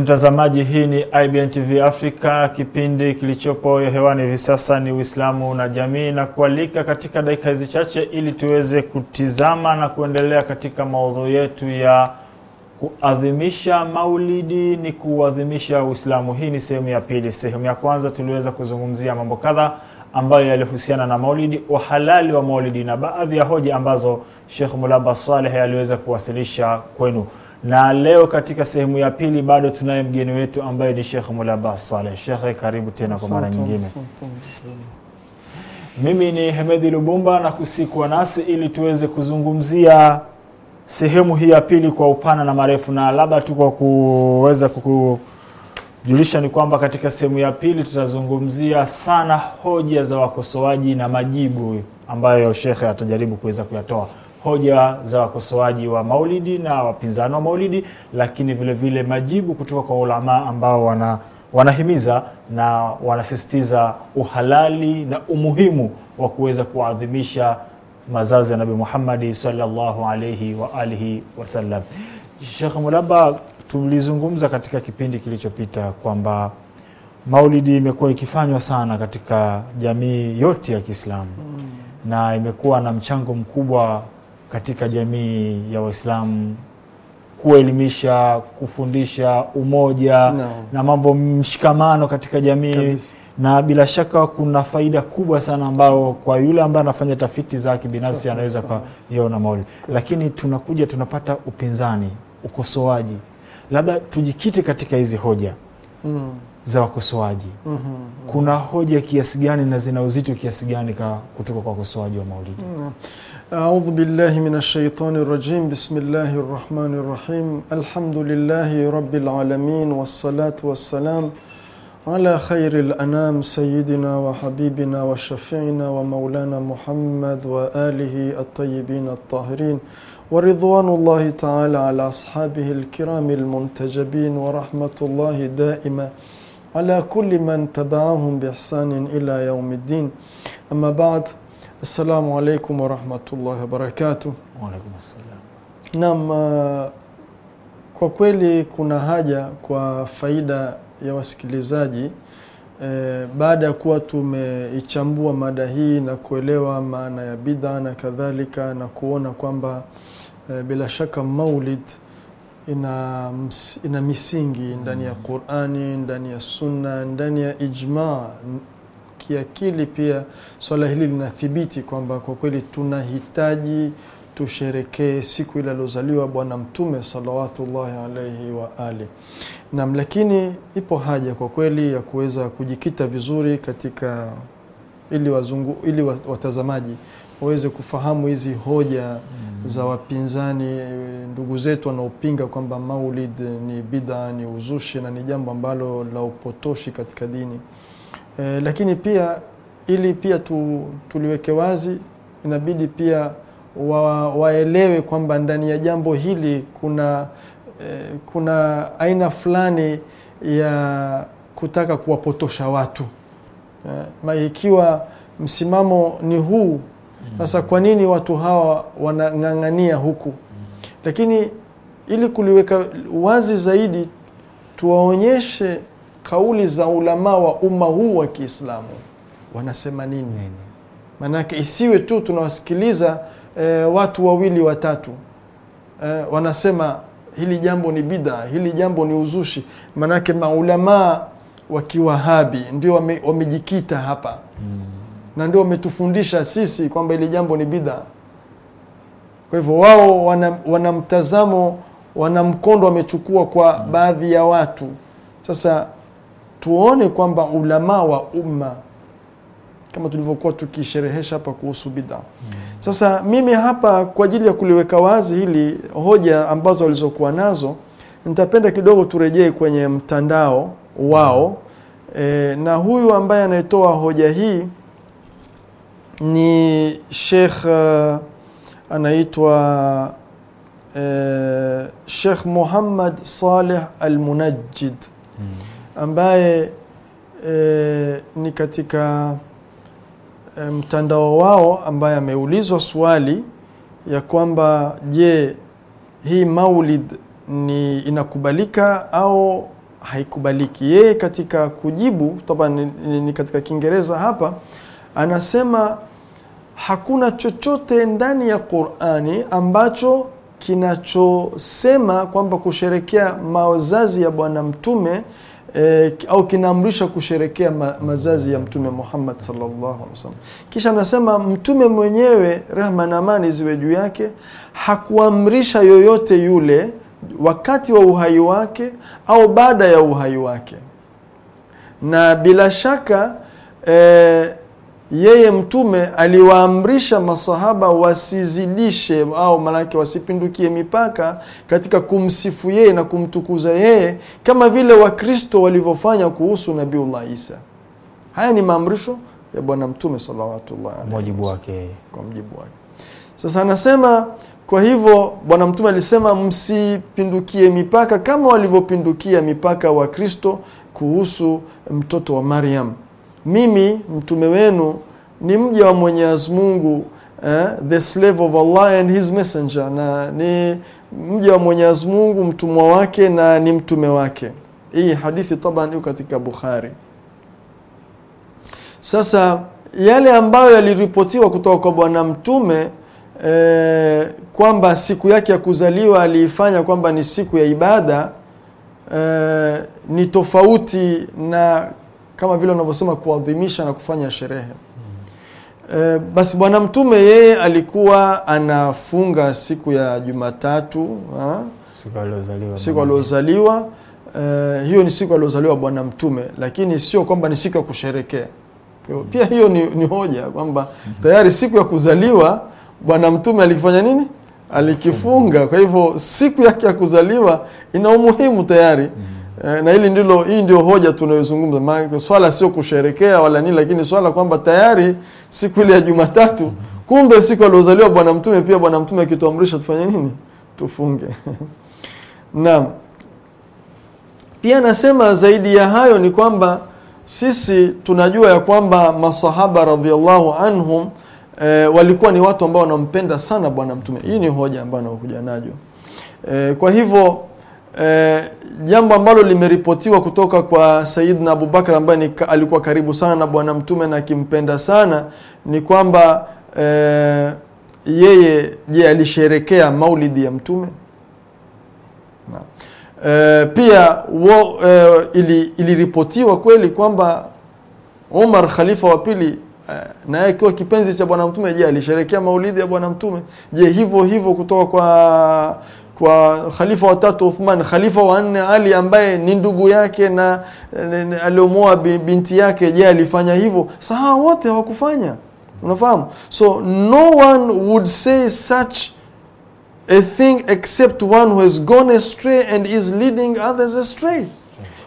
Mpenzi mtazamaji, hii ni IBN TV Africa. Kipindi kilichopo hewani hivi sasa ni Uislamu na Jamii, na kualika katika dakika hizi chache ili tuweze kutizama na kuendelea katika maudhui yetu ya kuadhimisha maulidi ni kuadhimisha Uislamu. Hii ni sehemu ya pili. Sehemu ya kwanza tuliweza kuzungumzia mambo kadha ambayo yalihusiana na maulidi, uhalali wa maulidi na baadhi ya hoja ambazo Sheikh Mulaba Saleh aliweza kuwasilisha kwenu na leo katika sehemu ya pili bado tunaye mgeni wetu ambaye ni Sheikh Mulaba Saleh. Sheikh, karibu tena kwa mara nyingine. Mimi ni Hemedi Lubumba na kusikwa nasi ili tuweze kuzungumzia sehemu hii ya pili kwa upana na marefu, na labda tu kwa kuweza kukujulisha ni kwamba katika sehemu ya pili tutazungumzia sana hoja za wakosoaji na majibu ambayo Sheikh atajaribu kuweza kuyatoa hoja za wakosoaji wa maulidi na wapinzani wa maulidi, lakini vile vile majibu kutoka kwa ulama ambao wana wanahimiza na wanasisitiza uhalali na umuhimu wa kuweza kuadhimisha mazazi ya Nabii Muhammad sallallahu alayhi wa alihi wasallam. Sheikh Mulaba, tulizungumza katika kipindi kilichopita kwamba maulidi imekuwa ikifanywa sana katika jamii yote ya Kiislamu mm. na imekuwa na mchango mkubwa katika jamii ya Waislamu kuelimisha, kufundisha umoja no. na mambo mshikamano katika jamii Kamisi. Na bila shaka kuna faida kubwa sana ambayo kwa yule ambaye anafanya tafiti za kibinafsi anaweza kaiona mauli, lakini tunakuja tunapata upinzani, ukosoaji. Labda tujikite katika hizi hoja mm. za wakosoaji mm -hmm. kuna hoja kiasi gani na zina uzito kiasi gani kutoka kwa wakosoaji wa maulidi mm. أعوذ بالله من الشيطان الرجيم بسم الله الرحمن الرحيم الحمد لله رب العالمين والصلاة والسلام على خير الأنام سيدنا وحبيبنا وشفيعنا ومولانا محمد وآله الطيبين الطاهرين ورضوان الله تعالى على أصحابه الكرام المنتجبين ورحمة الله دائمة على كل من تبعهم بإحسان إلى يوم الدين أما بعد Assalamu alaikum warahmatullahi wabarakatuh. Wa alaikum Naam, uh, kwa kweli kuna haja kwa faida ya wasikilizaji e, baada ya kuwa tumeichambua mada hii na kuelewa maana ya bidha na kadhalika na kuona kwamba e, bila shaka maulid ina, ina misingi ndani ya mm. Qur'ani, ndani ya sunna, ndani ya ijmaa kiakili pia swala hili linathibiti kwamba kwa kweli tunahitaji tusherekee siku ile aliozaliwa Bwana Mtume salawatullahi alaihi wa ali nam. Lakini ipo haja kwa kweli ya kuweza kujikita vizuri katika ili wazungu, ili watazamaji waweze kufahamu hizi hoja mm, za wapinzani ndugu zetu wanaopinga kwamba Maulid ni bidhaa ni uzushi na ni jambo ambalo la upotoshi katika dini e, lakini pia ili pia tu, tuliweke wazi, inabidi pia wa, waelewe kwamba ndani ya jambo hili kuna e, kuna aina fulani ya kutaka kuwapotosha watu e, ikiwa msimamo ni huu sasa, kwa nini watu hawa wanang'ang'ania huku? Lakini ili kuliweka wazi zaidi tuwaonyeshe kauli za ulama wa umma huu wa Kiislamu wanasema nini? Maanake isiwe tu tunawasikiliza e, watu wawili watatu e, wanasema hili jambo ni bidha hili jambo ni uzushi. Maanake maulamaa wa Kiwahabi ndio wame, wamejikita hapa mm. na ndio wametufundisha sisi kwamba hili jambo ni bid'a. Kwa hivyo wao wana, wana mtazamo wana mkondo wamechukua kwa mm. baadhi ya watu sasa tuone kwamba ulama wa umma kama tulivyokuwa tukisherehesha hapa kuhusu mm. Sasa mimi hapa kwa ajili ya kuliweka wazi hili hoja ambazo walizokuwa nazo, nitapenda kidogo turejee kwenye mtandao wao e, na huyu ambaye anayetoa hoja hii ni Sheikh eh, anaitwa e, Sheikh Muhammad Saleh Al-Munajjid. Mm ambaye e, ni katika e, mtandao wao ambaye ameulizwa swali ya kwamba je, hii maulid ni inakubalika au haikubaliki? Yeye katika kujibu toba ni, ni, ni katika Kiingereza hapa anasema hakuna chochote ndani ya Qur'ani ambacho kinachosema kwamba kusherekea mazazi ya Bwana Mtume eh, au kinaamrisha kusherekea ma, mazazi ya Mtume Muhammad sallallahu alaihi wasallam. Kisha anasema Mtume mwenyewe rehma na amani ziwe juu yake hakuamrisha yoyote yule wakati wa uhai wake au baada ya uhai wake, na bila shaka eh, yeye Mtume aliwaamrisha masahaba wasizidishe au manake wasipindukie mipaka katika kumsifu yeye na kumtukuza yeye kama vile Wakristo walivyofanya kuhusu Nabiullah Isa. Haya ni maamrisho ya Bwana Mtume salawatullah wake, kwa wake. Sasa anasema kwa hivyo Bwana Mtume alisema msipindukie mipaka kama walivyopindukia mipaka Wakristo kuhusu mtoto wa Maryam mimi mtume wenu ni mja wa Mwenyezi Mungu eh, the slave of Allah and his messenger, na ni mja wa Mwenyezi Mungu mtumwa wake na ni mtume wake. Hii hadithi taban iko katika Bukhari. Sasa yale ambayo yaliripotiwa kutoka kwa bwana mtume eh, kwamba siku yake ya kuzaliwa aliifanya kwamba ni siku ya ibada eh, ni tofauti na kama vile wanavyosema kuadhimisha na kufanya sherehe. E, basi Bwana Mtume yeye alikuwa anafunga siku ya Jumatatu siku aliozaliwa, E, eh, hiyo ni siku aliozaliwa Bwana Mtume, lakini sio kwamba ni siku ya kusherekea. Pia hiyo ni, ni hoja kwamba tayari siku ya kuzaliwa Bwana Mtume alikifanya nini? Alikifunga. Kwa hivyo siku yake ya kuzaliwa ina umuhimu tayari. Eh, na hili ndilo, hii ndio hoja tunayozungumza. Maana swala sio kusherekea wala nini, lakini swala kwamba tayari siku ile ya Jumatatu, kumbe siku aliozaliwa Bwana Mtume pia Bwana Mtume akituamrisha tufanye nini, tufunge naam. Pia nasema zaidi ya hayo ni kwamba sisi tunajua ya kwamba masahaba radhiallahu anhum e, walikuwa ni watu ambao wanampenda sana Bwana Mtume. Hii ni hoja ambayo anakuja nayo e, kwa hivyo Eh, jambo ambalo limeripotiwa kutoka kwa Sayyidna Abubakar ambaye alikuwa karibu sana na Bwana Mtume na akimpenda sana ni kwamba eh, yeye je, alisherekea maulidi ya Mtume na. Eh, pia wo, eh, ili, iliripotiwa kweli kwamba Umar khalifa wa pili eh, na akiwa kipenzi cha Bwana Mtume, je, alisherekea maulidi ya Bwana Mtume? Je, hivyo hivyo kutoka kwa kwa khalifa watatu Uthman, khalifa wa nne Ali ambaye ni ndugu yake na aliomoa binti yake. Je, alifanya hivyo? Sahawa wote hawakufanya. Unafahamu? So no one would say such a thing except one who has gone astray and is leading others astray.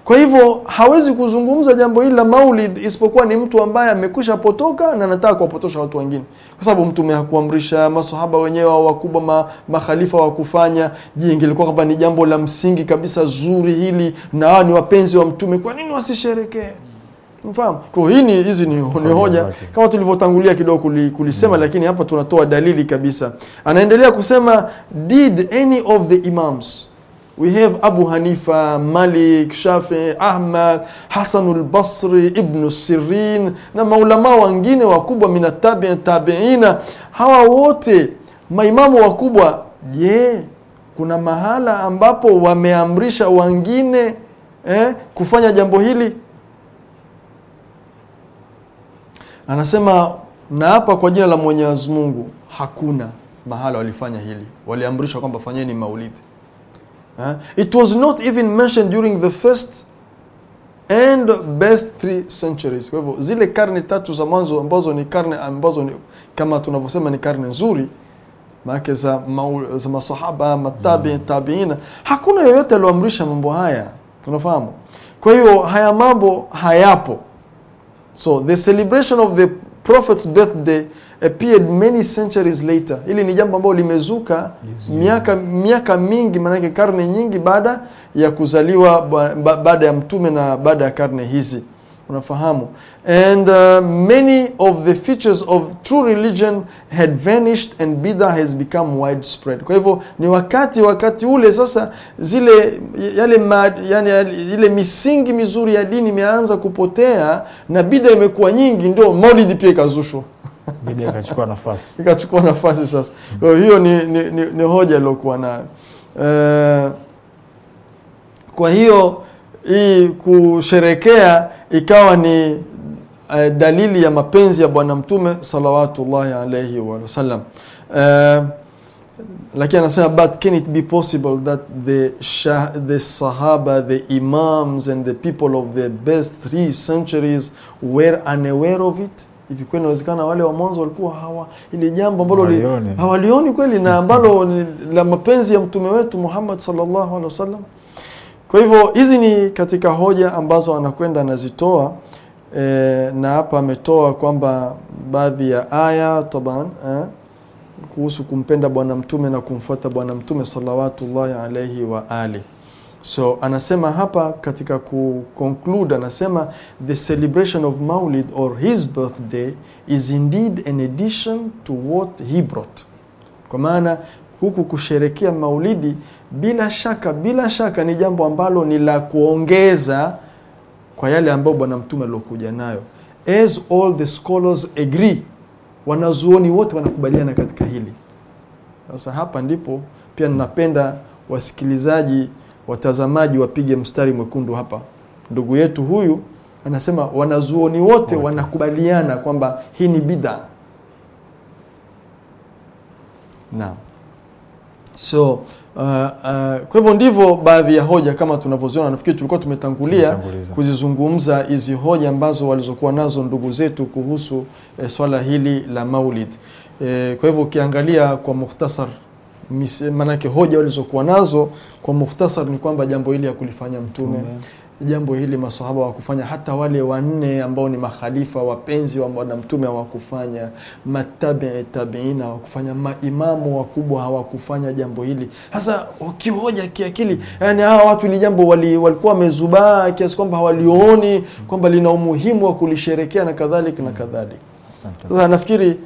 Kwa hivyo hawezi kuzungumza jambo hili la maulid isipokuwa ni mtu ambaye amekwisha potoka na anataka kuwapotosha watu wengine, kwa sababu Mtume hakuamrisha, masahaba wenyewe wa wakubwa ma, makhalifa wa kufanya. Je, ingelikuwa kwamba ni jambo la msingi kabisa zuri hili na ni wapenzi wa Mtume, kwa nini wasisherekee? Mfahamu? Kwa hii ni hizi ni, ni hoja kama tulivyotangulia kidogo kulisema hmm. Lakini hapa tunatoa dalili kabisa. Anaendelea kusema did any of the imams We have Abu Hanifa, Malik, Shafi, Ahmad, al Basri, Ibnu Sirin na maulamaa wengine wakubwa mina tabiin tabiina. Hawa wote maimamu wakubwa, je, kuna mahala ambapo wameamrisha wengine eh, kufanya jambo hili? Anasema na hapa kwa jina la Mwenyezi Mungu, hakuna mahala walifanya hili, waliamrisha kwamba fanyeni maulidi it was not even mentioned during the first and best three centuries. Kwa hivyo zile karne tatu za mwanzo ambazo ni karne ambazo ni kama tunavyosema ni karne nzuri maake za, ma, za masahaba matabi mm. tabiina, hakuna yoyote alioamrisha mambo haya, tunafahamu. Kwa hiyo haya mambo hayapo, so the celebration of the prophet's birthday appeared many centuries later. Hili ni jambo ambalo limezuka miaka miaka mingi, maanake karne nyingi baada ya kuzaliwa baada ya mtume na baada ya karne hizi unafahamu and uh, many of the features of true religion had vanished and bidha has become widespread. Kwa hivyo ni wakati wakati ule sasa zile yale ma, yani, ile misingi mizuri ya dini imeanza kupotea na bidha imekuwa nyingi, ndio maulidi pia ikazushwa video ikachukua nafasi ikachukua nafasi sasa. Kwa mm -hmm. hiyo ni, ni, ni, ni hoja iliyokuwa nayo e, kwa hiyo hii kusherekea ikawa ni e, dalili ya mapenzi ya Bwana Mtume salawatullahi alaihi wasallam e, eh, lakini anasema but can it be possible that the, shah, the sahaba the imams and the people of the best three centuries were unaware of it hivi kweli inawezekana wale wa mwanzo walikuwa hawa ili jambo ambalo hawalioni kweli na ambalo ni la mapenzi ya mtume wetu Muhammad sallallahu alaihi wasallam. Kwa hivyo hizi ni katika hoja ambazo anakwenda anazitoa e, na hapa ametoa kwamba baadhi ya aya taban eh, kuhusu kumpenda bwana mtume na kumfuata bwana mtume salawatullahi alaihi wa ali So anasema hapa katika conclude, anasema the celebration of Maulid or his birthday is indeed an addition to what he brought, kwa maana huku kusherekea maulidi bila shaka bila shaka ni jambo ambalo ni la kuongeza kwa yale ambayo Bwana Mtume aliokuja nayo. As all the scholars agree, wanazuoni wote wanakubaliana katika hili. Sasa hapa ndipo pia ninapenda wasikilizaji watazamaji wapige mstari mwekundu hapa. Ndugu yetu huyu anasema wanazuoni wote wanakubaliana kwamba hii ni bidha na So uh, uh, kwa hivyo ndivyo baadhi ya hoja kama tunavyoziona. Nafikiri tulikuwa tumetangulia kuzizungumza hizi hoja ambazo walizokuwa nazo ndugu zetu kuhusu eh, swala hili la maulid eh, kwa hivyo ukiangalia kwa mukhtasar maanake hoja walizokuwa nazo kwa muhtasar ni kwamba jambo hili ya kulifanya mtume Tume. jambo hili masahaba wakufanya, hata wale wanne ambao ni makhalifa wapenzi wa bwana mtume hawakufanya, matabii tabiina hawakufanya, maimamu wakubwa hawakufanya jambo hili. Hasa ukihoja kiakili, yani hawa watu ili jambo wali, walikuwa wamezubaa kiasi kwamba hawalioni kwamba lina umuhimu wa kulisherekea na kadhalika na kadhalika. Sasa nafikiri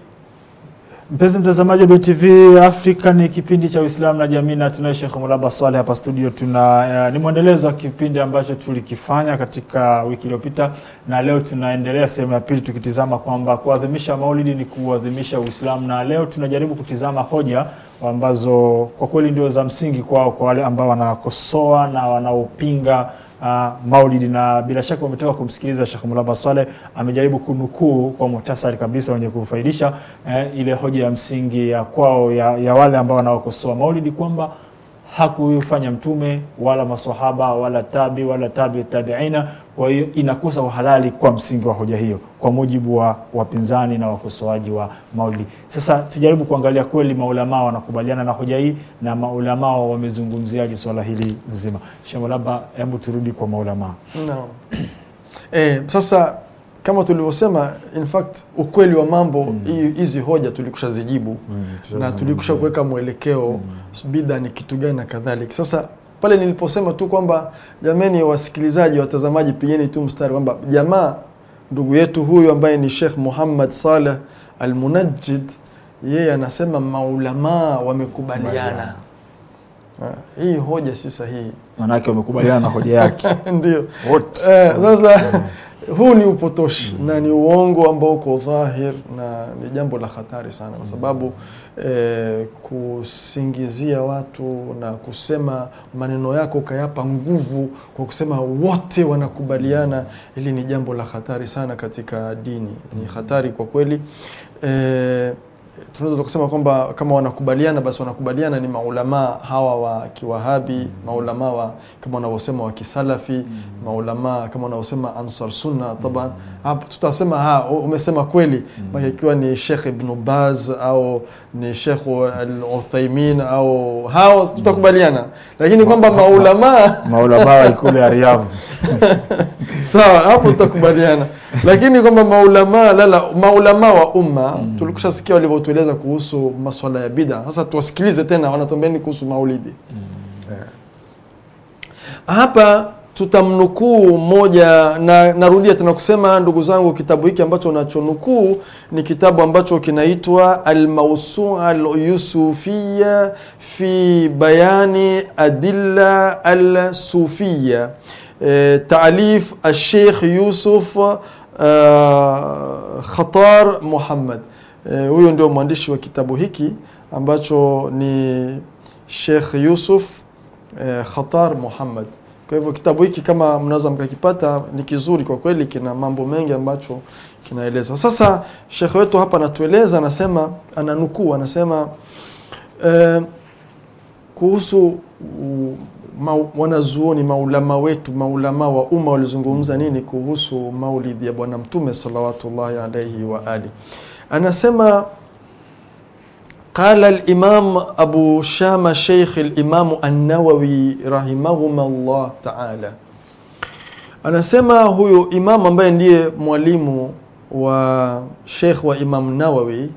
Mpenzi mtazamaji wa BTV Afrika, ni kipindi cha Uislamu na jamii na tunaye Sheikh Mulaba swale hapa studio. Tuna uh, ni mwendelezo wa kipindi ambacho tulikifanya katika wiki iliyopita, na leo tunaendelea sehemu ya pili tukitizama kwamba kuadhimisha Maulidi ni kuadhimisha Uislamu, na leo tunajaribu kutizama hoja ambazo kwa kweli ndio za msingi kwao, kwa wale ambao wanakosoa na wanaopinga uh, ah, Maulidi, na bila shaka umetoka kumsikiliza Sheikh Mulaba Swaleh amejaribu kunukuu kwa muhtasari kabisa wenye kufaidisha eh, ile hoja ya msingi ya kwao ya, ya wale ambao wanaokosoa Maulidi kwamba hakufanya mtume wala masahaba wala tabi wala tabi tabiina. Kwa hiyo inakosa uhalali kwa msingi wa hoja hiyo, kwa mujibu wa wapinzani na wakosoaji wa maulidi. Sasa tujaribu kuangalia kweli maulama wanakubaliana na hoja hii na maulama wamezungumziaje swala hili zima. Shemolaba, hebu turudi kwa maulama no. E, eh, sasa kama tulivyosema, in fact ukweli wa mambo mm. hizi mm. hoja tulikusha zijibu mm, na tulikusha kuweka mwelekeo mm. bidhaa ni kitu gani na kadhalika. Sasa pale niliposema tu kwamba jameni, wasikilizaji, watazamaji, pigeni tu mstari kwamba jamaa ndugu yetu huyu ambaye ni Sheikh Muhammad Saleh Al-Munajjid yeye anasema maulamaa wamekubaliana ah, hii hoja si sahihi, manake wamekubaliana na hoja yake ndio wote eh, sasa huu ni upotoshi mm. na ni uongo ambao uko dhahir na ni jambo la hatari sana kwa sababu eh, kusingizia watu na kusema maneno yako ukayapa nguvu kwa kusema wote wanakubaliana, hili ni jambo la hatari sana katika dini, ni hatari kwa kweli eh, tunaweza tukasema kwamba kama wanakubaliana basi wanakubaliana ni maulamaa hawa wa kiwahabi mm. maulamaa wa kama wanavyosema wa kisalafi mm. maulamaa kama wanavyosema ansar sunna taban mm. tutasema ha umesema kweli mm. ikiwa ni Sheikh Ibn Baz au ni Sheikh Al-Uthaymeen au hao tutakubaliana, lakini kwamba maulamaa maulamaa wa ya Riyadh sawa, hapo tutakubaliana, lakini kwamba maulamaa lala maulamaa wa umma mm. tulikushasikia walivyotueleza kuhusu maswala ya bida. Sasa tuwasikilize tena wanatuambiani kuhusu maulidi mm. yeah. Hapa tutamnukuu moja na narudia tena kusema, ndugu zangu, kitabu hiki ambacho unachonukuu ni kitabu ambacho kinaitwa Almausua Alyusufiya fi bayani adilla alsufiya e, taalif Sheikh Yusuf uh, Khatar Muhammad. Eh, huyu e, ndio mwandishi wa kitabu hiki ambacho ni Sheikh Yusuf Khatar Muhammad. Kwa hivyo kitabu hiki kama mnaweza mkakipata ni kizuri kwa kweli, kina mambo mengi ambacho kinaeleza. Sasa shekhe wetu hapa anatueleza, anasema, ananukuu, anasema eh, kuhusu ma, wanazuoni maulama wetu maulama wa umma walizungumza nini kuhusu maulidi ya Bwana Mtume salawatullahi alaihi wa ali. Anasema qala limam Abu Shama Sheikh al-Imam an-Nawawi ta'ala, anasema huyo imamu ambaye ndiye mwalimu wa Sheikh wa Imam Nawawi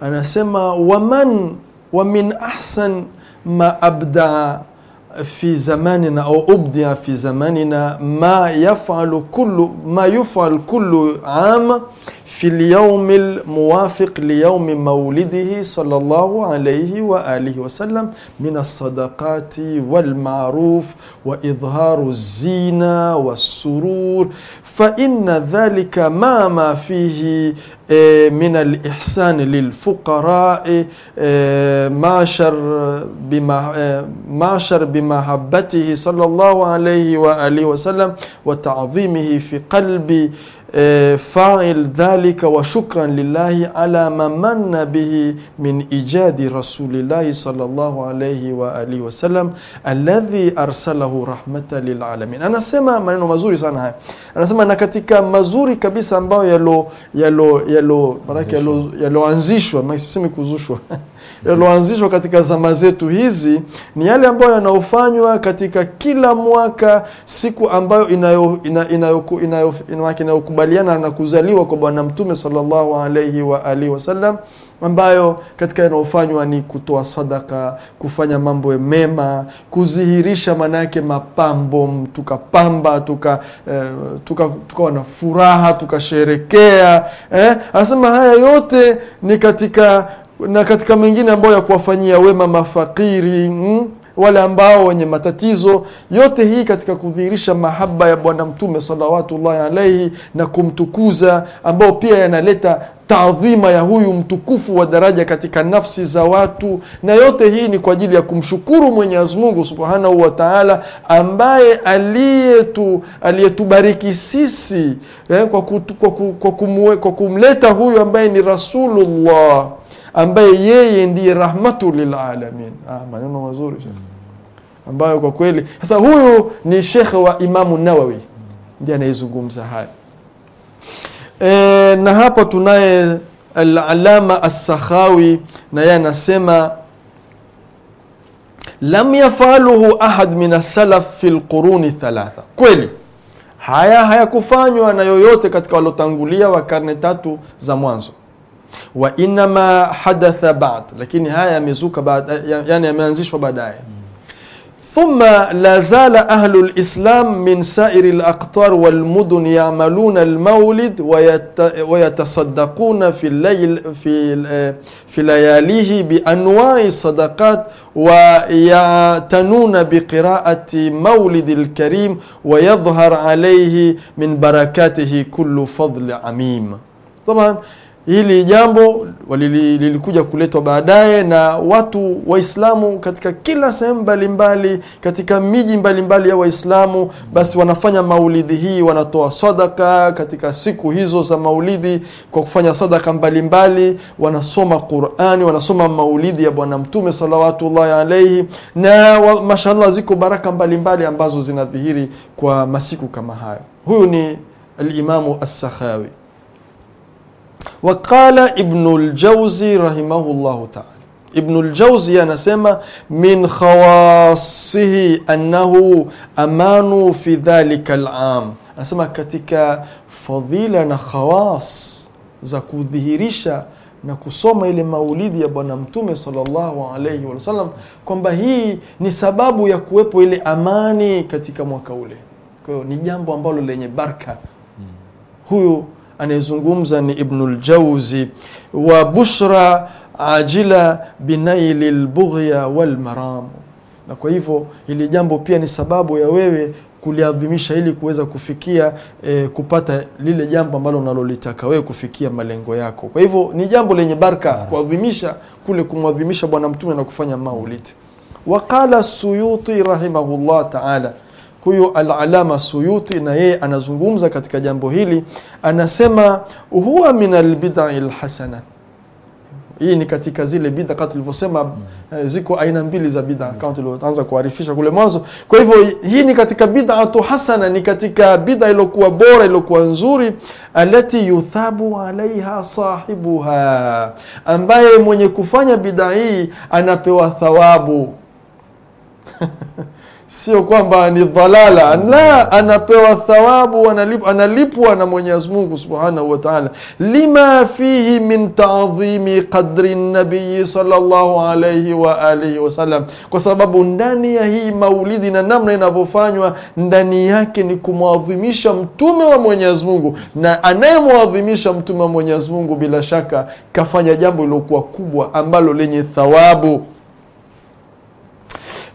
anasema waman wa min ahsan ma abdaa في زماننا أو ابدع في زماننا ما يفعل كل ما يفعل كل عام في اليوم الموافق ليوم مولده صلى الله عليه وآله وسلم من الصدقات والمعروف وإظهار الزينة والسرور فإن ذلك ما ما فيه آه، من الإحسان للفقراء آه، معشر آه، معشر بمحبته صلى الله عليه وآله وسلم وتعظيمه في قلب e, fa'il dhalika wa shukran lillahi ala ma manna bihi min ijadi rasulillahi sallallahu alayhi wa alihi wasallam alladhi arsalahu rahmatan lil alamin. Anasema maneno mazuri sana haya, anasema na katika mazuri kabisa ambayo yalo yalo yalo yalo yaloanzishwa, maana sisemi kuzushwa yaliyoanzishwa katika zama zetu hizi ni yale ambayo yanayofanywa katika kila mwaka siku ambayo inayokubaliana inayo, na kuzaliwa kwa Bwana Mtume sallallahu alaihi wa alihi wasallam ambayo katika yanayofanywa ni kutoa sadaka, kufanya mambo mema, kudhihirisha maanayake mapambo, tukapamba tukawa eh, tuka, tuka na furaha tukasherekea eh. Anasema haya yote ni katika na katika mengine ambayo ya kuwafanyia wema mafakiri mm, wale ambao wenye matatizo. Yote hii katika kudhihirisha mahaba ya Bwana Mtume salawatullahi alaihi na kumtukuza, ambao pia yanaleta taadhima ya huyu mtukufu wa daraja katika nafsi za watu, na yote hii ni kwa ajili ya kumshukuru Mwenyezi Mungu subhanahu wa taala, ambaye aliyetu aliyetubariki sisi eh, kwa, kutu, kwa, kwa, kumwe, kwa kumleta huyu ambaye ni Rasulullah ambaye yeye ndiye rahmatu lilalamin. Ah, maneno mazuri ambayo kwa kweli sasa, huyu ni shekhe wa Imamu Nawawi ndiye anayezungumza haya e, na hapo tunaye Alalama Assakhawi na yeye anasema lam yafaluhu ahad min alsalaf fi lquruni thalatha, kweli haya hayakufanywa na yoyote katika waliotangulia wa karne tatu za mwanzo wainama hadatha bad, lakini haya yamezuka baada, yani yameanzishwa baadaye. Thumma la zala ahlu lislam min sairi laqtar walmudun yamaluna lmaulid wayatasadaquna fi, fi, fi layalihi bianwai sadaqat ويعتنون بقراءة مولد الكريم ويظهر عليه من بركاته كل فضل عميم طبعا Hili jambo lilikuja kuletwa baadaye na watu Waislamu katika kila sehemu mbalimbali, katika miji mbalimbali ya Waislamu, basi wanafanya maulidi hii, wanatoa sadaka katika siku hizo za maulidi kwa kufanya sadaka mbalimbali wanasoma Qurani, wanasoma maulidi ya Bwana Mtume salawatullahi alaihi, na mashallah ziko baraka mbalimbali mbali ambazo zinadhihiri kwa masiku kama hayo. Huyu ni Alimamu Assakhawi. Waqala Ibnu Ljauzi rahimahullahu taala. Ibnu Ljauzi anasema min khawasihi annahu amanu fi dhalika alam, anasema katika fadhila na khawas za kudhihirisha na kusoma ile maulidi ya Bwana Mtume sallallahu alaihi wasallam, kwamba hii ni sababu ya kuwepo ile amani katika mwaka ule. Kwa hiyo ni jambo ambalo lenye barka hmm. Huyu anayezungumza ni ibnu ljauzi wa bushra ajila binaili lbughya walmaramu. Na kwa hivyo hili jambo pia ni sababu ya wewe kuliadhimisha ili kuweza kufikia e, kupata lile jambo ambalo unalolitaka wewe kufikia malengo yako. Kwa hivyo ni jambo lenye baraka kuadhimisha kule kumwadhimisha Bwana Mtume na kufanya maulid. Waqala Suyuti rahimahullah taala Huyu al Suyuti na yeye anazungumza katika jambo hili, anasema huwa min albidai lhasana. Hii ni katika zile bidha kama tulivyosema, eh, ziko aina mbili za bid'a kama tulivyoanza kuarifisha kule mwanzo. Kwa hivyo hii ni katika tu hasana, ni katika bid'a iliyokuwa bora, iliyokuwa nzuri, alati yuthabu alaiha sahibuha, ambaye mwenye kufanya bidha hii anapewa thawabu sio kwamba ni dhalala, la, anapewa thawabu, analipwa, analipwa na Mwenyezi Mungu subhanahu wa taala, lima fihi min taadhimi qadri nabiyi sallallahu alaihi wa alihi wasallam, kwa sababu ndani ya hii maulidi na namna inavyofanywa ndani yake ni kumwadhimisha mtume wa Mwenyezi Mungu, na anayemwadhimisha mtume wa Mwenyezi Mungu bila shaka kafanya jambo lilokuwa kubwa ambalo lenye thawabu.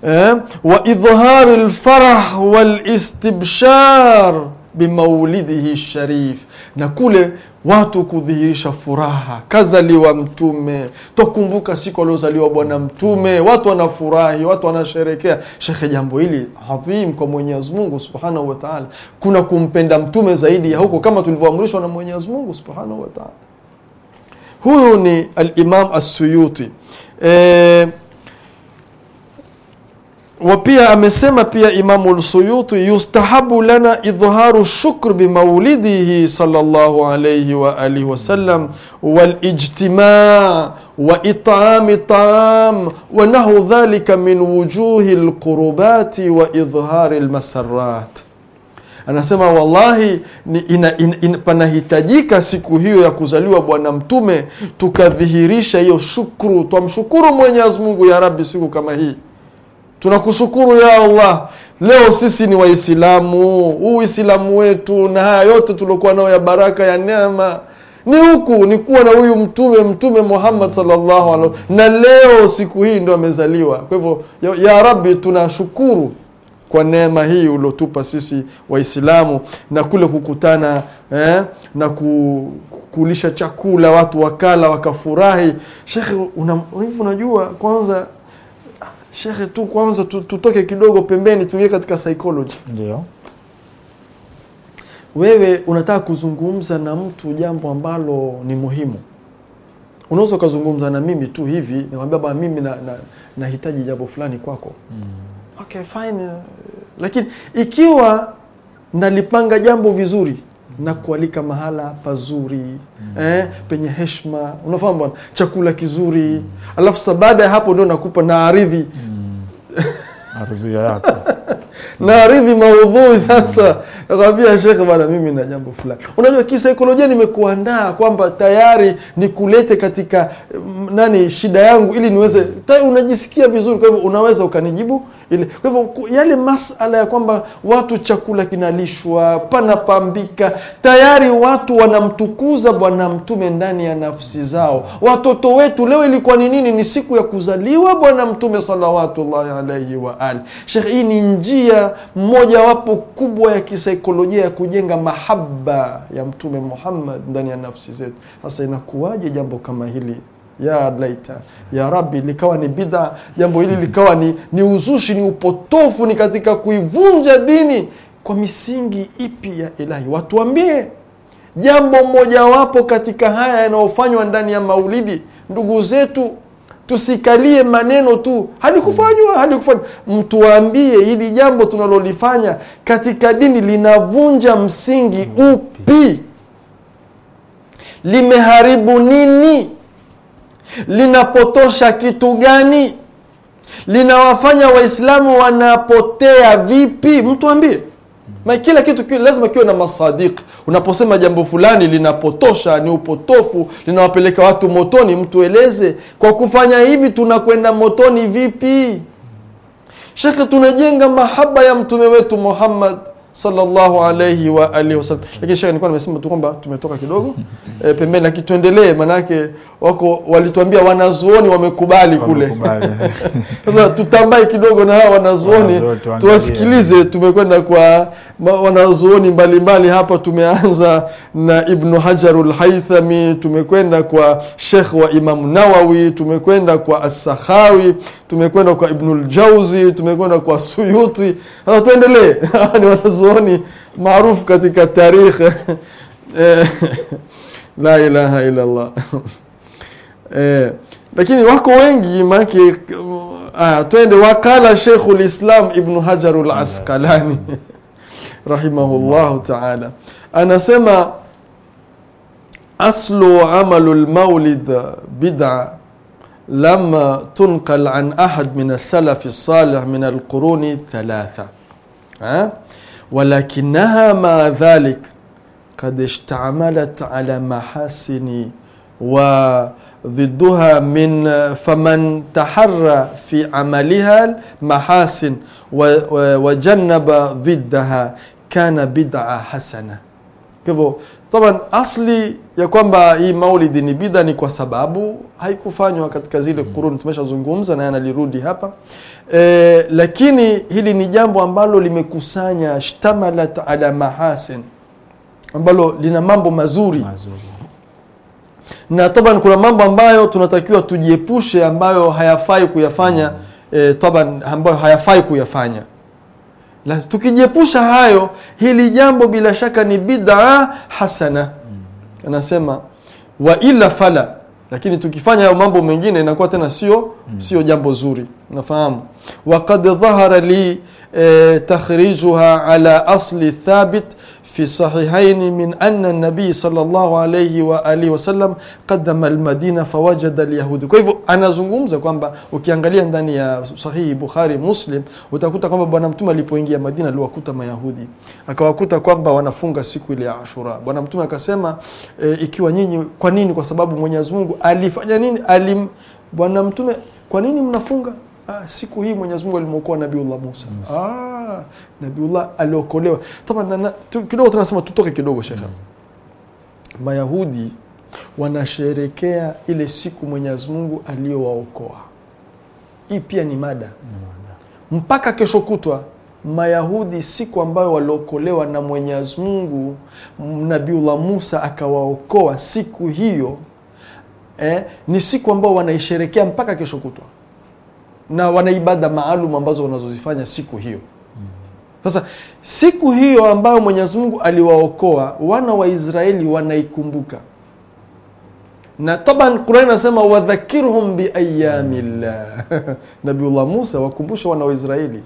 Eh? wa idhhari lfarah walistibshar bimaulidihi sharif, na kule watu kudhihirisha furaha, kazaliwa Mtume, twakumbuka siku aliozaliwa Bwana Mtume, watu wanafurahi, watu wanasherekea. Shekhe, jambo hili adhim kwa Mwenyezi Mungu subhanahu wa taala, kuna kumpenda Mtume zaidi ya huko, kama tulivyoamrishwa na Mwenyezi Mungu subhanahu wa taala. Huyu ni Alimam Assuyuti eh, wa pia amesema pia Imamu Lsuyuti, yustahabu lana idhharu shukr bimaulidihi sallallahu alayhi wa alihi wasallam walijtimaa wa itami taam wa nahu dhalika min wujuhi lqurubati wa idhhari lmasarat. Anasema wallahi ni ina, ina, ina, panahitajika siku hiyo ya kuzaliwa Bwana Mtume tukadhihirisha hiyo shukru, twamshukuru Mwenyezi Mungu ya Rabbi siku kama hii Tunakushukuru ya Allah, leo sisi ni Waislamu. Huu Uislamu wetu na haya yote tuliokuwa nayo ya baraka ya neema ni huku ni kuwa na huyu mtume Mtume Muhammad sallallahu alaihi wasallam, na leo siku hii ndo amezaliwa. Kwa hivyo, ya, ya Rabbi, tunashukuru kwa neema hii uliotupa sisi Waislamu na kule kukutana eh, na ku, kulisha chakula watu wakala wakafurahi. Shekhe, unajua kwanza Shekhe, tu kwanza tutoke kidogo pembeni, tuingie katika psychology. Ndio. Wewe unataka kuzungumza na mtu jambo ambalo ni muhimu. Unaweza ukazungumza na mimi tu hivi, nikwambia baba, mimi nahitaji na, na jambo fulani kwako. mm. Okay, fine, eh, lakini ikiwa nalipanga jambo vizuri na kualika mahala pazuri mm. eh, penye heshima, unafahamu bwana, chakula kizuri mm. alafu sa baada ya hapo ndio nakupa na aridhi mm. aridhi yako naaridhi maudhui sasa. Nakwambia shekhe, bana, mimi na jambo fulani. Unajua kisaikolojia nimekuandaa kwamba tayari nikulete katika mm, nani shida yangu, ili niweze tayari, unajisikia vizuri, kwa hivyo unaweza ukanijibu ile. Kwa hivyo yale masala ya kwamba watu chakula kinalishwa, panapambika, tayari watu wanamtukuza Bwana Mtume ndani ya nafsi zao. Watoto wetu leo ilikuwa ni nini? Ni siku ya kuzaliwa Bwana Mtume salawatullahi alaihi wa ali. Shekhe, hii ni njia katika mojawapo kubwa ya kisaikolojia ya kujenga mahaba ya Mtume Muhammad ndani ya nafsi zetu. Sasa inakuwaje jambo kama hili? Ya laita ya Rabbi, likawa ni bidha, jambo hili likawa ni, ni uzushi, ni upotofu, ni katika kuivunja dini kwa misingi ipi ya ilahi? Watuambie jambo mojawapo katika haya yanayofanywa ndani ya maulidi, ndugu zetu Tusikalie maneno tu, halikufanywa halikufanywa. Mtuambie hili jambo tunalolifanya katika dini linavunja msingi upi? Limeharibu nini? Linapotosha kitu gani? Linawafanya Waislamu wanapotea vipi? Mtuambie. Ma kila kitu kile lazima kiwe na masadiki. Unaposema jambo fulani linapotosha, ni upotofu, linawapeleka watu motoni, mtueleze kwa kufanya hivi tunakwenda motoni vipi? Shekhe, tunajenga mahaba ya mtume wetu Muhammad sallallahu alayhi wa alihi wasallam. Lakini shekhe, nilikuwa nimesema tu kwamba tumetoka kidogo e, pembeni, lakini tuendelee, manake wako walituambia wanazuoni wamekubali kule. Sasa tutambae kidogo na hawa wanazuoni tuwasikilize, tumekwenda kwa wanazuoni mbalimbali hapa. Tumeanza na Ibnu Hajaru Lhaithami, tumekwenda kwa Shekh wa Imamu Nawawi, tumekwenda kwa Assakhawi, tumekwenda kwa Ibnu Ljauzi, tumekwenda kwa Suyuti. Sasa tuendelee ni wanazuoni maarufu katika tarikh eh, la ilaha illa eh, lakini wako wengi maake. Ah, twende wakala Sheikhu lislam Ibnu Hajaru Laskalani رحمه تعالى taala, anasema أصل عمل المولد بدعة لم تنقل عن أحد من السلف الصالح من القرون الثلاثة ولكنها مع ذلك قد اشتعملت على محاسن وضدها من فمن تحرى في عملها المحاسن وجنب ضدها kana bid'a hasana. Kwa hivyo taban, asli ya kwamba hii maulidi ni bid'a ni kwa sababu haikufanywa katika zile mm-hmm. kuruni, tumeshazungumza na analirudi hapa e, lakini hili ni jambo ambalo limekusanya shtamalat ala mahasin, ambalo lina mambo mazuri, mazuri na taban kuna mambo ambayo tunatakiwa tujiepushe, ambayo hayafai kuyafanya mm. E, taban ambayo hayafai kuyafanya tukijiepusha hayo, hili jambo bila shaka ni bid'a hasana. Anasema wa ila fala, lakini tukifanya hayo mambo mengine inakuwa tena sio mm. sio jambo zuri. Nafahamu waqad dhahara li eh, takhrijuha ala asli thabit fi sahihaini min anna nabii sallallahu alayhi wa alihi wasallam qadama almadina fawajada lyahudi Kwa hivyo anazungumza kwamba ukiangalia ndani ya sahihi Bukhari, Muslim utakuta kwamba bwana mtume alipoingia Madina aliwakuta Mayahudi, akawakuta kwamba wanafunga siku ile ya Ashura. Bwana mtume akasema e, ikiwa nyinyi, kwa nini? Kwa sababu Mwenyezi Mungu alifanya nini? Alim, bwana mtume, kwa nini mnafunga ah, siku hii Mwenyezi Mungu alimwokoa Nabiullah Musa yes. ah, Nabiullah aliokolewa tu, kidogo tunasema tutoke kidogo shekha mm. Mayahudi wanasherekea ile siku Mwenyezi Mungu aliyowaokoa. Hii pia ni mada mm. mpaka kesho kutwa Mayahudi siku ambayo waliokolewa na Mwenyezi Mungu, Nabiullah Musa akawaokoa siku hiyo eh, ni siku ambayo wanaisherekea mpaka kesho kutwa na wana ibada maalum ambazo wanazozifanya siku hiyo. Sasa siku hiyo ambayo Mwenyezi Mungu aliwaokoa wana wa Israeli wanaikumbuka, na taban Qurani nasema wadhakirhum biayamillah Nabiullah Musa, wakumbusha wana wa Israeli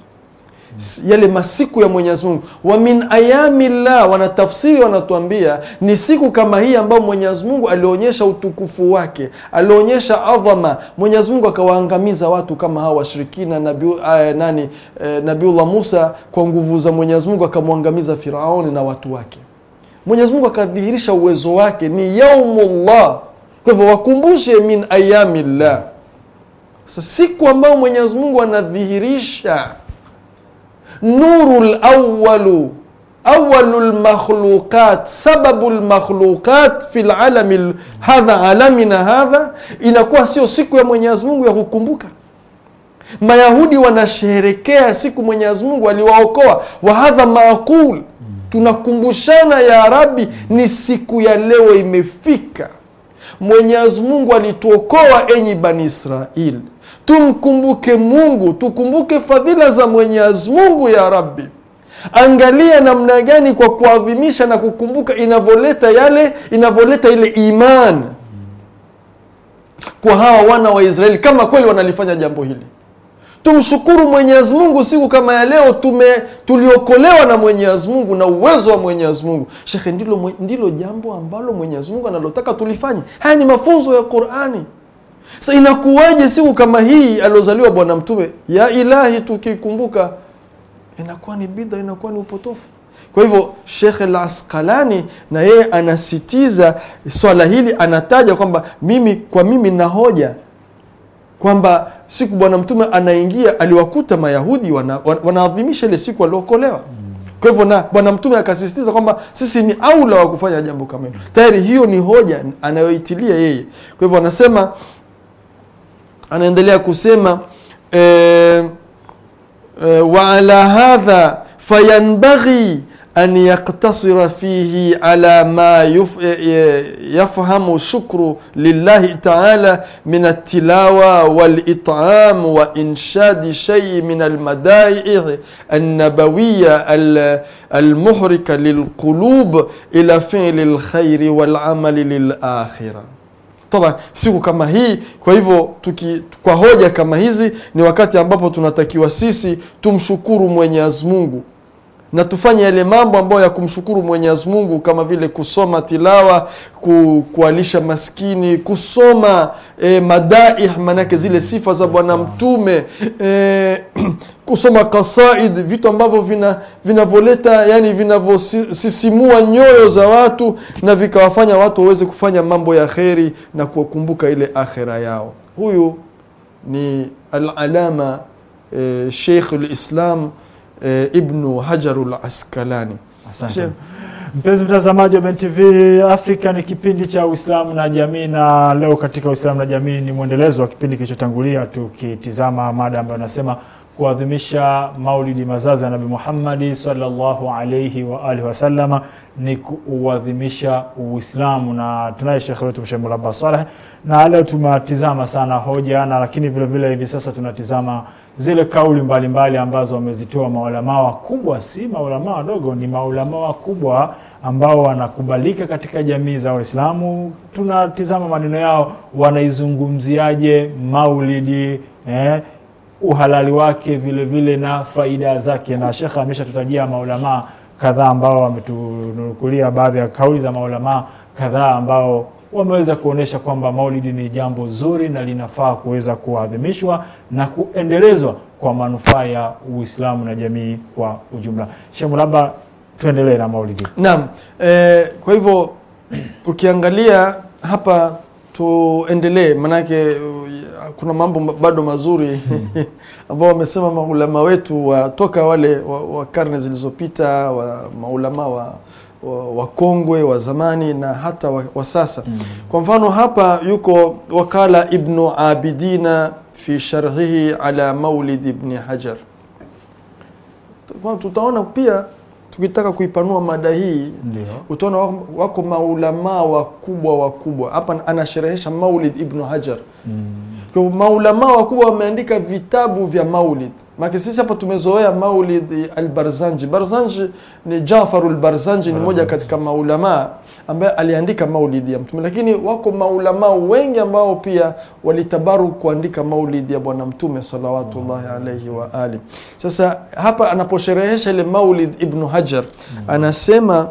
yale masiku ya Mwenyezi Mungu. Wa min ayamillah, wanatafsiri wanatuambia ni siku kama hii ambayo Mwenyezi Mungu alionyesha utukufu wake, alionyesha adhama. Mwenyezi Mungu akawaangamiza watu kama hawa washirikina, nabi eh, nani eh, Nabiullah Musa kwa nguvu za Mwenyezi Mungu akamwangamiza Firauni na watu wake. Mwenyezi Mungu akadhihirisha uwezo wake, ni yaumullah. Kwa hivyo wakumbushe min ayamillah, siku ambayo Mwenyezi Mungu anadhihirisha nuru lawalu awalu lmakhluqat sababu lmakhluqat fi lalami hadha alamina hadha, inakuwa sio siku ya Mwenyezi Mungu ya kukumbuka. Mayahudi wanasherekea siku Mwenyezi Mungu aliwaokoa wa hadha maqul, tunakumbushana ya Rabi, ni siku ya leo imefika. Mwenyezi Mungu alituokoa enyi Bani Israili Tumkumbuke Mungu, tukumbuke fadhila za Mwenyezi Mungu. Ya Rabbi, angalia namna gani kwa kuadhimisha na kukumbuka inavyoleta yale, inavyoleta ile iman kwa hawa wana wa Israeli, kama kweli wanalifanya jambo hili. Tumshukuru Mwenyezi Mungu siku kama ya leo tume tuliokolewa na Mwenyezi Mungu na uwezo wa Mwenyezi Mungu. Shekhe, ndilo ndilo jambo ambalo Mwenyezi Mungu analotaka tulifanye. Haya ni mafunzo ya Qur'ani. Sasa inakuwaje siku kama hii aliozaliwa Bwana Mtume? Ya ilahi, tukikumbuka inakuwa ni bidha, inakuwa ni upotofu. Kwa hivyo Sheikh al-Asqalani na yeye anasitiza swala hili, anataja kwamba mimi kwa mimi na hoja kwamba siku Bwana Mtume anaingia aliwakuta Mayahudi wanaadhimisha wana ile siku aliokolewa. Kwa hivyo na Bwana Mtume akasisitiza kwamba sisi ni aula wa kufanya jambo kama hilo. Tayari hiyo ni hoja anayoitilia yeye. Kwa hivyo anasema anaendelea kusema e, e, waala hadha fayanbaghi an yaktasira fihi ala ma yuf, e, e, yafhamu shukru lillahi taala min altilawa walitam wa inshadi shai min almadaii annabawiya al, almuhrika lilqulub ila fili lkhairi walamali lilakhira toba siku kama hii. Kwa hivyo tuki, kwa hoja kama hizi ni wakati ambapo tunatakiwa sisi tumshukuru Mwenyezi Mungu na tufanye yale mambo ambayo ya kumshukuru Mwenyezi Mungu kama vile kusoma tilawa, ku, kualisha maskini, kusoma e, madaih, maanake zile sifa za Bwana Mtume e, kusoma kasaid, vitu ambavyo vina yani vinavyosisimua nyoyo za watu na vikawafanya watu waweze kufanya mambo ya kheri na kuwakumbuka ile akhera yao. Huyu ni alalama e, Sheikh lislam e, Ibnu Hajarul Askalani. Mpenzi mtazamaji wa BNTV Afrika, ni kipindi cha Uislamu na jamii, na leo katika Uislamu na jamii ni mwendelezo wa kipindi kilichotangulia, tukitizama mada ambayo nasema kuadhimisha maulidi mazazi ya Nabi Muhammadi sallallahu alaihi wa alihi wasallama ni kuadhimisha Uislamu, na tunaye shekhe wetu Sheikh Mulaba Saleh, na leo tumetizama sana hoja na lakini vilevile hivi vile sasa tunatizama zile kauli mbalimbali mbali ambazo wamezitoa maulamaa wakubwa, si maulamaa wadogo, ni maulamaa wakubwa ambao wanakubalika katika jamii za Waislamu. Tunatizama maneno yao, wanaizungumziaje maulidi eh, uhalali wake vile vile na faida zake, na shekha ameshatutajia maulamaa kadhaa ambao wametunukulia baadhi ya kauli za maulamaa kadhaa ambao wameweza kuonyesha kwamba maulidi ni jambo zuri na linafaa kuweza kuadhimishwa na kuendelezwa kwa manufaa ya Uislamu na jamii kwa ujumla. Shemu, labda tuendelee na maulidi. Naam, e, kwa hivyo ukiangalia hapa tuendelee, maanake uh, kuna mambo bado mazuri hmm. ambao wamesema maulama wetu watoka wale wa, wa karne zilizopita wa maulama wa wakongwe wa zamani na hata wa, wa sasa mm. Kwa mfano hapa yuko wakala Ibnu Abidina fi sharhihi ala Maulid Ibni Hajar. Tutaona pia tukitaka kuipanua mada hii utaona wako, wako maulamaa wakubwa wakubwa hapa, anasherehesha Maulid Ibnu Hajar mm kwa maulama wakubwa wameandika vitabu vya maulid. maake sisi hapa tumezoea maulid al-Barzanji. Barzanji ni Jafar al-Barzanji, ni moja katika maulama ambaye aliandika maulidi ya Mtume, lakini wako maulama wengi ambao pia walitabaru kuandika maulidi ya Bwana Mtume salawatullahi alaihi wa ali. Sasa hapa anaposherehesha ile maulid, Ibnu Hajar mm. anasema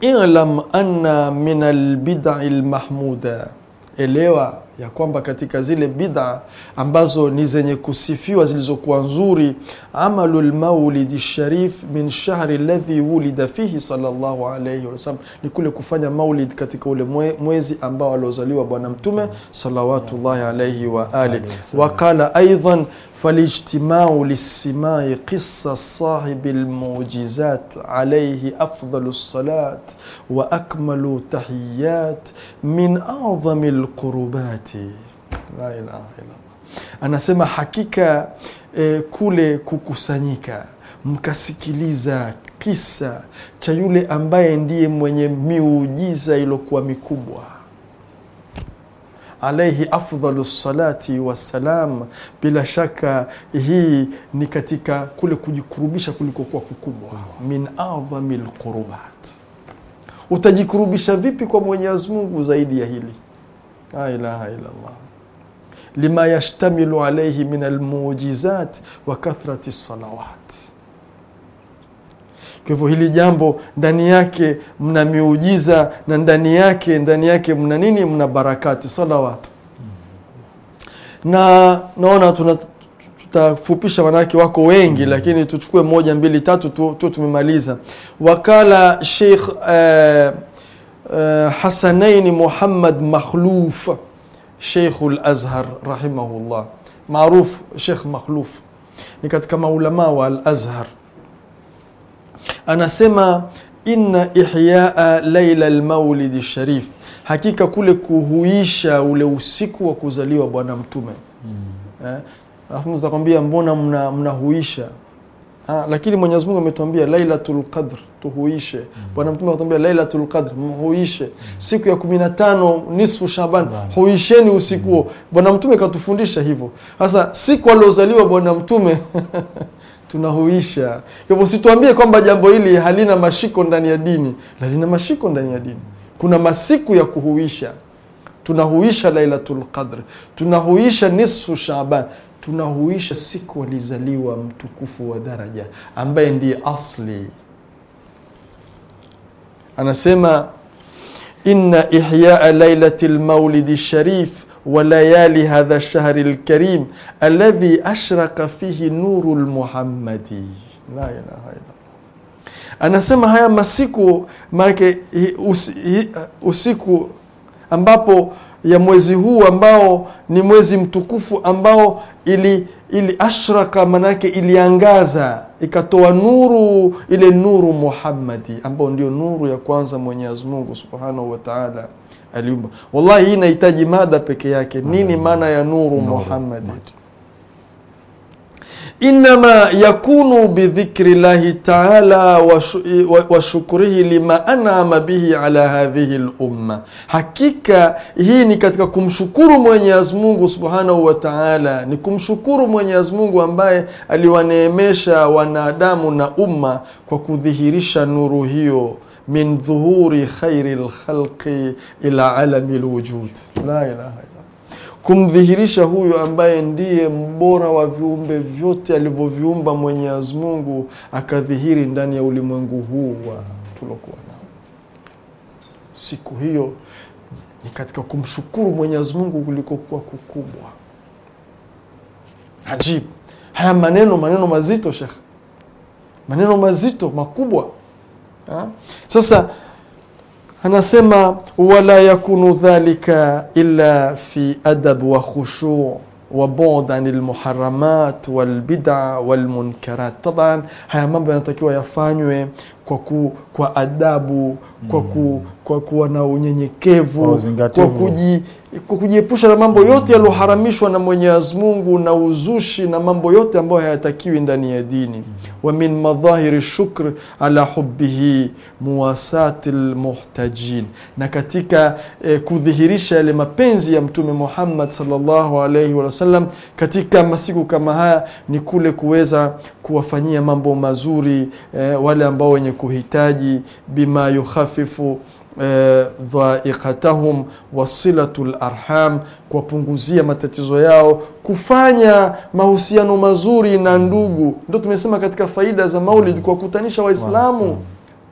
ilam anna min albidai lmahmuda, elewa ya kwamba katika zile bidhaa ambazo ni zenye kusifiwa zilizokuwa nzuri, amalu lmaulidi sharif min shahri ladhi wulida fihi sallallahu alayhi wasallam, ni kule kufanya maulid katika ule mwezi ambao aliozaliwa Bwana Mtume salawatullahi alayhi wa alihi. Wakala aidan فالاجتماع للسماع قصة صاحب المعجزات عليه أفضل الصلاة وأكمل تحيات من أعظم القربات لا إله إلا الله anasema hakika eh, kule kukusanyika mkasikiliza kisa cha yule ambaye ndiye mwenye miujiza iliyokuwa mikubwa alaihi afdhalu salati wassalam. Bila shaka hii ni katika kule kujikurubisha kulikokuwa kukubwa, min adhami lqurubat. Utajikurubisha vipi kwa Mwenyezi Mungu zaidi ya hili? La ilaha illallah lima yashtamilu alaihi min almujizat wa kathrati lsalawat kwa hivyo hili jambo ndani yake mna miujiza na ndani yake ndani yake mna nini? Mna barakati salawat. Na naona tuna tutafupisha manake wako wengi, lakini tuchukue moja mbili tatu tu, tu tumemaliza. Wakala Sheikh eh, eh, Hasanaini Muhammad Makhluf al Azhar rahimahullah, maarufu Sheikh Makhluf ni katika maulamaa wa Al Azhar anasema inna ihyaa laila lmaulidi sharif, hakika kule kuhuisha ule usiku wa kuzaliwa Bwana Mtume mm. eh? Alafu mbona mnahuisha mna ah, Ha, lakini Mwenyezi Mungu ametuambia lailatu lqadr tuhuishe. mm Bwana Mtume akatuambia lailatu lqadr mhuishe hmm. siku ya tano nisfu Shaban mm huisheni usiku huo. mm Bwana Mtume katufundisha hivyo. Sasa siku aliozaliwa Bwana Mtume tunahuisha. Hivyo usituambie kwamba jambo hili halina mashiko ndani ya dini, la lina mashiko ndani ya dini. Kuna masiku ya kuhuisha, tunahuisha Lailatul Qadr, tunahuisha nisfu Shaaban, tunahuisha siku alizaliwa mtukufu wa daraja ambaye ndiye asli. Anasema inna ihyaa lailati lmaulidi sharif walayali hadha lshahri lkarim aladhi ashraka fihi nuru lmuhammadi. La ilaha illallah, anasema haya masiku maanake usiku ambapo ya mwezi huu ambao ni mwezi mtukufu ambao ili ili ashraka manake iliangaza ikatoa nuru ile nuru Muhammadi, ambayo ndio nuru ya kwanza Mwenyezi Mungu subhanahu wa taala aliumba. Wallahi, hii inahitaji mada peke yake. Nini maana ya nuru Muhammad? Innama yakunu bidhikri llahi taala wa, wa shukrihi lima anama bihi ala hadhihi lumma, hakika hii ni katika kumshukuru Mwenyezi Mungu subhanahu wa taala, ni kumshukuru Mwenyezi Mungu ambaye aliwaneemesha wanadamu na umma kwa kudhihirisha nuru hiyo min dhuhuri khairi lkhalqi ila alami lwujud. La ilaha illa, kumdhihirisha huyu ambaye ndiye mbora wa viumbe vyote alivyoviumba Mwenyezi Mungu, akadhihiri ndani ya ulimwengu huu wa tulokuwa nao. Siku hiyo ni katika kumshukuru Mwenyezi Mungu kulikokuwa kukubwa. Ajibu haya maneno, maneno mazito shekh maneno mazito makubwa Sasa anasema wala yakunu dhalika illa fi adab wa khushu' وبعد عن المحرمات والبدع والمنكرات طبعا haya mambo yanatakiwa yafanywe kwa, ku, kwa adabu kwa, mm. ku, kwa kuwa na unyenyekevu kwa, kuji, kwa kujiepusha na mambo yote yaliyoharamishwa na Mwenyezi Mungu na uzushi na mambo yote ambayo hayatakiwi ndani ya dini. Mm. wa min madhahiri shukr ala hubbihi muwasati lmuhtajin, na katika eh, kudhihirisha yale mapenzi ya Mtume Muhammad sallallahu alaihi wasallam katika masiku kama haya ni kule kuweza kuwafanyia mambo mazuri eh, wale ambao wenye kuhitaji bima yukhafifu E, eh, dhaiqatahum wasilatu larham, kuwapunguzia matatizo yao, kufanya mahusiano mazuri na ndugu. Ndo tumesema katika faida za maulid, kuwakutanisha Waislamu wow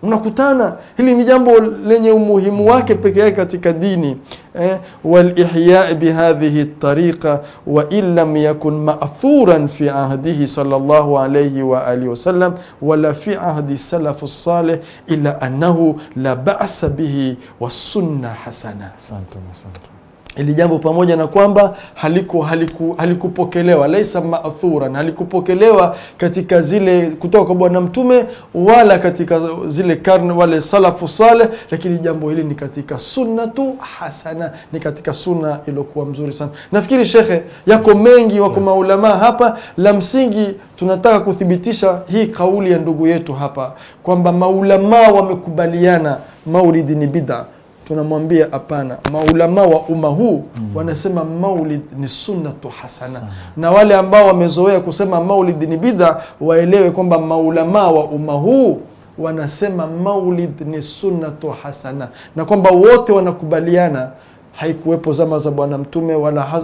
mnakutana. Hili ni jambo lenye umuhimu wake peke yake katika dini eh, walihya bihadhihi tariqa wa in lam yakun maathuran fi ahdihi sallallahu alayhi wa alihi wasallam wala fi ahdi salafu salih illa annahu la ba'sa bihi wasunna hasana. Asante, asante ili jambo pamoja na kwamba haliku haliku halikupokelewa laisa maathuran, halikupokelewa katika zile kutoka kwa Bwana Mtume wala katika zile karne wale salafu saleh, lakini jambo hili ni katika sunnatu hasana, ni katika sunna iliyokuwa mzuri sana. Nafikiri shekhe, yako mengi, wako maulamaa hapa. La msingi tunataka kuthibitisha hii kauli ya ndugu yetu hapa kwamba maulamaa wamekubaliana maulidi ni bidha tunamwambia hapana. Maulama wa umma huu mm. wanasema maulid ni sunnatu hasana Sana. Na wale ambao wamezoea kusema maulid ni bidha waelewe kwamba maulama wa umma huu wanasema maulid ni sunnatu hasana, na kwamba wote wanakubaliana haikuwepo zama za Bwana Mtume wala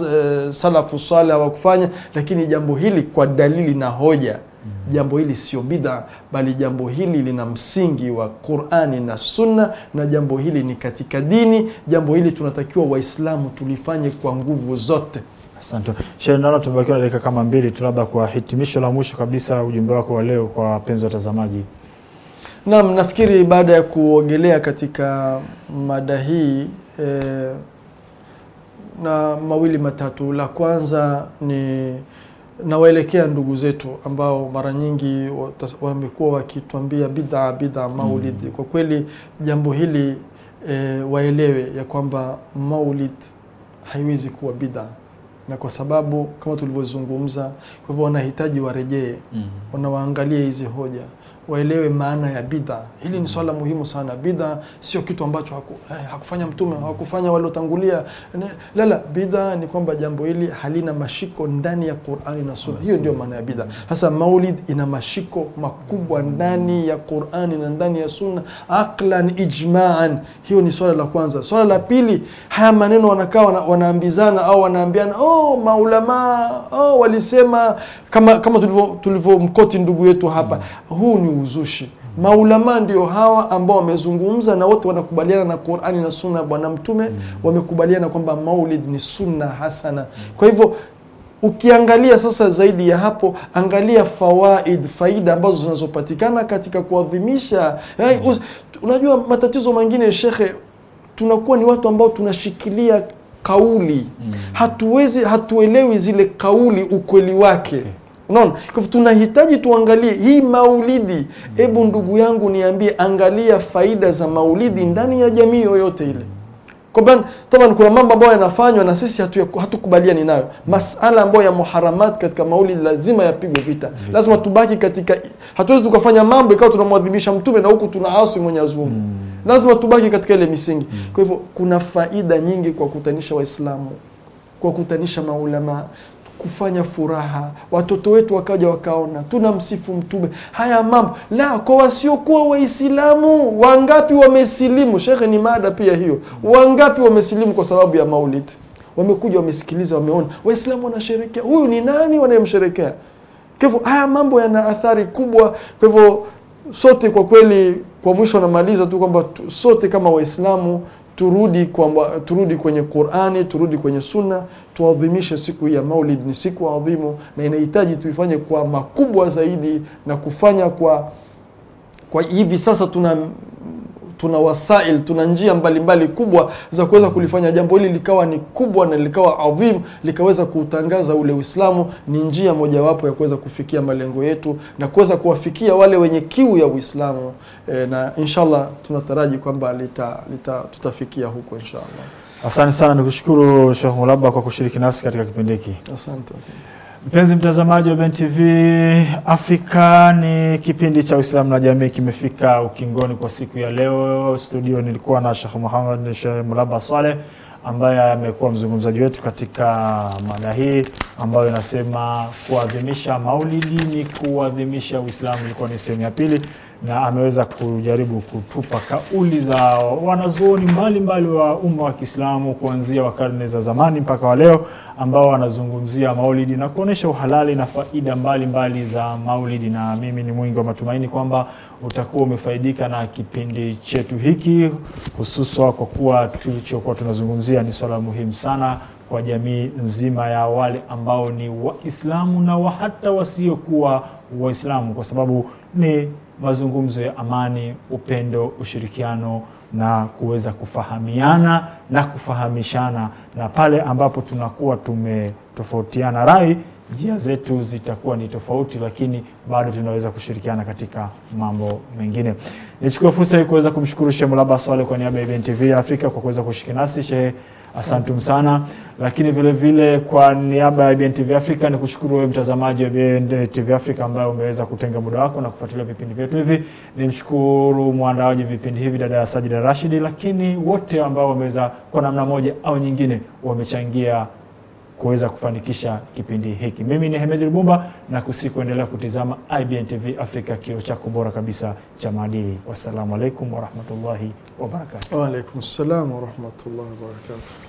e, salafu saleh hawakufanya, lakini jambo hili kwa dalili na hoja Jambo hili sio bidha bali jambo hili lina msingi wa Qur'ani na Sunna, na jambo hili ni katika dini. Jambo hili tunatakiwa Waislamu tulifanye kwa nguvu zote. Asante Sheikh, naona tumebakiwa na dakika kama mbili tu, labda kwa hitimisho la mwisho kabisa, ujumbe wako wa leo kwa wapenzi watazamaji. Naam, nafikiri baada ya kuogelea katika mada hii eh, na mawili matatu, la kwanza ni nawaelekea ndugu zetu ambao mara nyingi wamekuwa wakituambia bidhaa bidhaa maulid. Mm. Kwa kweli jambo hili e, waelewe ya kwamba maulid haiwezi kuwa bidhaa, na kwa sababu kama tulivyozungumza, kwa hivyo wanahitaji warejee, mm. wanawaangalia hizi hoja waelewe maana ya bidha. Hili ni swala muhimu sana. bidha sio kitu ambacho haku, eh, hakufanya mtume, hakufanya waliotangulia. Lala, bidhaa ni kwamba jambo hili halina mashiko ndani ya Qur'ani na Sunna. Hiyo ndio maana ya bidha Sasa Maulid ina mashiko makubwa ndani ya Qur'ani na ndani ya Sunna, aqlan ijma'an. Hiyo ni swala la kwanza. Swala la pili, haya maneno wanakaa wanaambizana au wanaambiana, oh maulama, oh walisema kama kama tulivyomkoti ndugu yetu hapa mm. huu ni uzushi Maulama ndio hawa ambao wamezungumza na wote wanakubaliana na Qur'ani na sunna ya Bwana Mtume mm. wamekubaliana kwamba maulid ni sunna hasana. Kwa hivyo ukiangalia sasa zaidi ya hapo, angalia fawaid, faida ambazo zinazopatikana katika kuadhimisha eh, mm. Unajua, matatizo mengine shekhe, tunakuwa ni watu ambao tunashikilia kauli mm. hatuwezi, hatuelewi zile kauli ukweli wake okay. Unaona, kwa hivyo tunahitaji tuangalie hii maulidi. Hebu ndugu yangu niambie, angalia faida za maulidi ndani ya jamii yoyote ile. Taban, kuna mambo ambayo yanafanywa na sisi hatukubaliani hatu nayo. Masala ambayo ya muharamat katika maulidi lazima yapigwe vita, lazima tubaki katika, hatuwezi tukafanya mambo ikawa tunamwadhibisha Mtume na huku tunaasi Mwenyezi Mungu. Mm. Lazima tubaki katika ile misingi. Kwa hivyo kuna faida nyingi kwa kutanisha Waislamu, kwa kutanisha maulama kufanya furaha, watoto wetu wakaja wakaona tuna msifu Mtume, haya mambo la. Kwa wasiokuwa Waislamu, wangapi wamesilimu? Shekhe, ni mada pia hiyo. Wangapi wamesilimu kwa sababu ya maulid? Wamekuja, wamesikiliza, wameona Waislamu wanasherekea. Huyu ni nani wanayemsherekea? Kwa hivyo haya mambo yana athari kubwa. Kwa hivyo sote kwa kweli, kwa mwisho namaliza tu kwamba sote kama Waislamu turudi kwamba turudi kwenye Qur'ani, turudi kwenye Sunna, tuadhimishe siku ya Maulid. Ni siku adhimu na inahitaji tuifanye kwa makubwa zaidi na kufanya kwa kwa hivi sasa tuna tuna wasail, tuna njia mbalimbali mbali kubwa za kuweza kulifanya jambo hili likawa ni kubwa na likawa adhim, likaweza kuutangaza ule Uislamu. Ni njia mojawapo ya kuweza kufikia malengo yetu na kuweza kuwafikia wale wenye kiu ya Uislamu e, na inshallah tunataraji kwamba lita, lita, tutafikia huko inshallah. Asante sana, nikushukuru Sheikh Mulaba kwa kushiriki nasi katika kipindi hiki. Asante, asante. Mpenzi mtazamaji wa BNTV Afrika, ni kipindi cha Uislamu na jamii kimefika ukingoni kwa siku ya leo. Studio nilikuwa na Sheikh Muhammad Sheikh Mulaba Saleh ambaye amekuwa mzungumzaji wetu katika mada hii ambayo inasema kuadhimisha maulidi ni kuadhimisha Uislamu. Ilikuwa ni sehemu ya pili na ameweza kujaribu kutupa kauli za wanazuoni mbalimbali wa umma wa Kiislamu kuanzia wa karne za zamani mpaka wa leo ambao wanazungumzia maulidi na kuonyesha uhalali na faida mbalimbali mbali za maulidi, na mimi ni mwingi wa matumaini kwamba utakuwa umefaidika na kipindi chetu hiki, hususa kwa kuwa tulichokuwa tunazungumzia ni swala muhimu sana kwa jamii nzima ya wale ambao ni Waislamu na wa hata wasiokuwa Waislamu, kwa sababu ni mazungumzo ya amani, upendo, ushirikiano na kuweza kufahamiana na kufahamishana, na pale ambapo tunakuwa tumetofautiana rai njia zetu zitakuwa ni tofauti, lakini bado tunaweza kushirikiana katika mambo mengine. Nichukue fursa hii kuweza kumshukuru Shehe Mulaba Swale kwa niaba ya TV Afrika kwa kuweza kushiriki nasi. Shehe, asantum sana. Lakini vile vile kwa niaba ya TV Afrika ni kushukuru wewe mtazamaji wa TV Afrika ambaye umeweza kutenga muda wako na kufuatilia vipindi vyetu hivi. Nimshukuru mwandaaji vipindi hivi dada ya Sajida Rashidi, lakini wote ambao wameweza kwa namna moja au nyingine wamechangia kuweza kufanikisha kipindi hiki. Mimi ni Hemedi Lubumba na kusikuendelea kutizama IBN TV Afrika, kio chako bora kabisa cha maadili. Wassalamu alaikum warahmatullahi wabarakatuh. Wa alaikum salam warahmatullahi wabarakatuh.